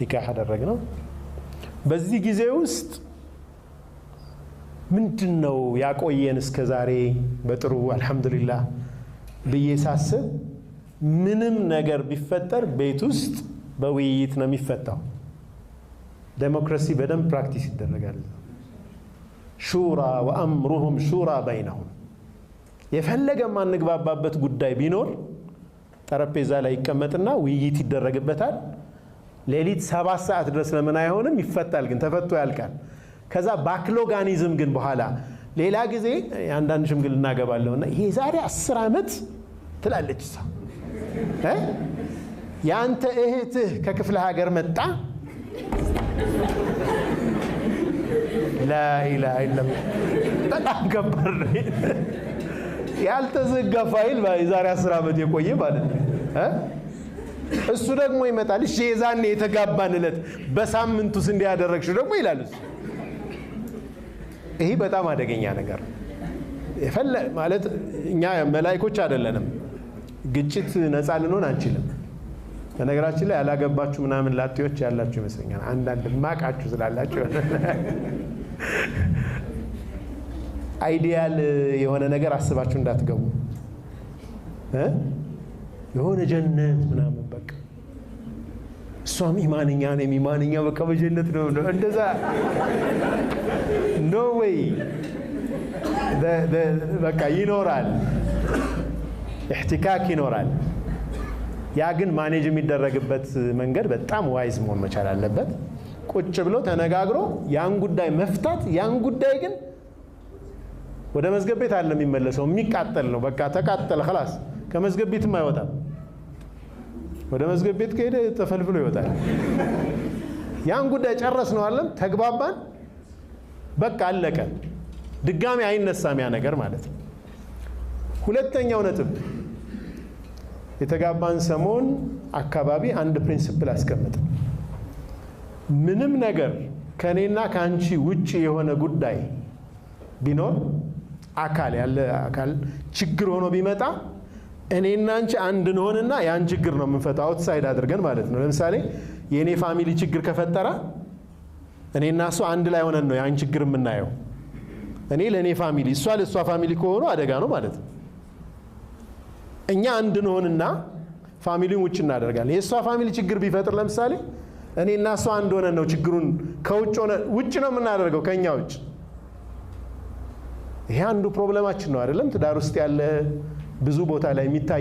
ኒካህ አደረግ ነው። በዚህ ጊዜ ውስጥ ምንድን ነው ያቆየን እስከ ዛሬ በጥሩ አልሐምዱሊላህ ብዬ ሳስብ ምንም ነገር ቢፈጠር ቤት ውስጥ በውይይት ነው የሚፈታው። ዴሞክራሲ በደንብ ፕራክቲስ ይደረጋል። ሹራ ወአምሩሁም ሹራ በይነሁም። የፈለገ ማንግባባበት ጉዳይ ቢኖር ጠረጴዛ ላይ ይቀመጥና ውይይት ይደረግበታል። ሌሊት ሰባት ሰዓት ድረስ ለምን አይሆንም? ይፈታል፣ ግን ተፈቶ ያልቃል። ከዛ ባክሎጋኒዝም ግን በኋላ ሌላ ጊዜ አንዳንድ ሽምግል ገባለሁና ይሄ ዛሬ አስር ዓመት ትላለች እሷ የአንተ እህትህ ከክፍለ ሀገር መጣ። ላኢላሃ በጣም ከባድ ነው። ያልተዘጋ ፋይል ዛሬ አስር ዓመት የቆየ ማለት ነው። እሱ ደግሞ ይመጣል። እሺ የዛኔ የተጋባን ዕለት በሳምንቱ ውስጥ እንዲያደረግሽው ደግሞ ይላል እሱ። ይሄ በጣም አደገኛ ነገር የፈለ ማለት እኛ መላይኮች አይደለንም። ግጭት ነፃ ልንሆን አንችልም። በነገራችን ላይ ያላገባችሁ ምናምን ላጤዎች ያላችሁ ይመስለኛል። አንዳንድ ማቃችሁ ስላላችሁ አይዲያል የሆነ ነገር አስባችሁ እንዳትገቡ የሆነ ጀነት ምናምን እሷም ኢማንኛ ነኝ ኢማንኛ በቃ በጀነት ነው እንደዛ ኖ ወይ በቃ ይኖራል፣ ኢሕቲካክ ይኖራል። ያ ግን ማኔጅ የሚደረግበት መንገድ በጣም ዋይዝ መሆን መቻል አለበት። ቁጭ ብሎ ተነጋግሮ ያን ጉዳይ መፍታት። ያን ጉዳይ ግን ወደ መዝገብ ቤት አለ የሚመለሰው የሚቃጠል ነው። በቃ ተቃጠለ፣ ኸላስ ከመዝገብ ቤትም አይወጣም። ወደ መዝገብ ቤት ከሄደ ተፈልፍሎ ይወጣል። ያን ጉዳይ ጨረስ ነው አለም ተግባባን፣ በቃ አለቀ። ድጋሚ አይነሳም ያ ነገር ማለት ነው። ሁለተኛው ነጥብ የተጋባን ሰሞን አካባቢ አንድ ፕሪንስፕል አስቀምጥ። ምንም ነገር ከእኔና ከአንቺ ውጭ የሆነ ጉዳይ ቢኖር አካል ያለ አካል ችግር ሆኖ ቢመጣ እኔና አንቺ አንድ እንሆንና ያን ችግር ነው የምንፈታው፣ አውትሳይድ አድርገን ማለት ነው። ለምሳሌ የእኔ ፋሚሊ ችግር ከፈጠረ እኔና እሱ አንድ ላይ ሆነን ነው ያን ችግር የምናየው። እኔ ለእኔ ፋሚሊ፣ እሷ ለእሷ ፋሚሊ ከሆኑ አደጋ ነው ማለት ነው። እኛ አንድ እንሆንና ፋሚሊውን ውጭ እናደርጋለን። የእሷ ፋሚሊ ችግር ቢፈጥር ለምሳሌ እኔና እሷ አንድ ሆነን ነው ችግሩን ከውጭ ሆነ ውጭ ነው የምናደርገው ከእኛ ውጭ። ይሄ አንዱ ፕሮብለማችን ነው አይደለም ትዳር ውስጥ ያለ ብዙ ቦታ ላይ የሚታይ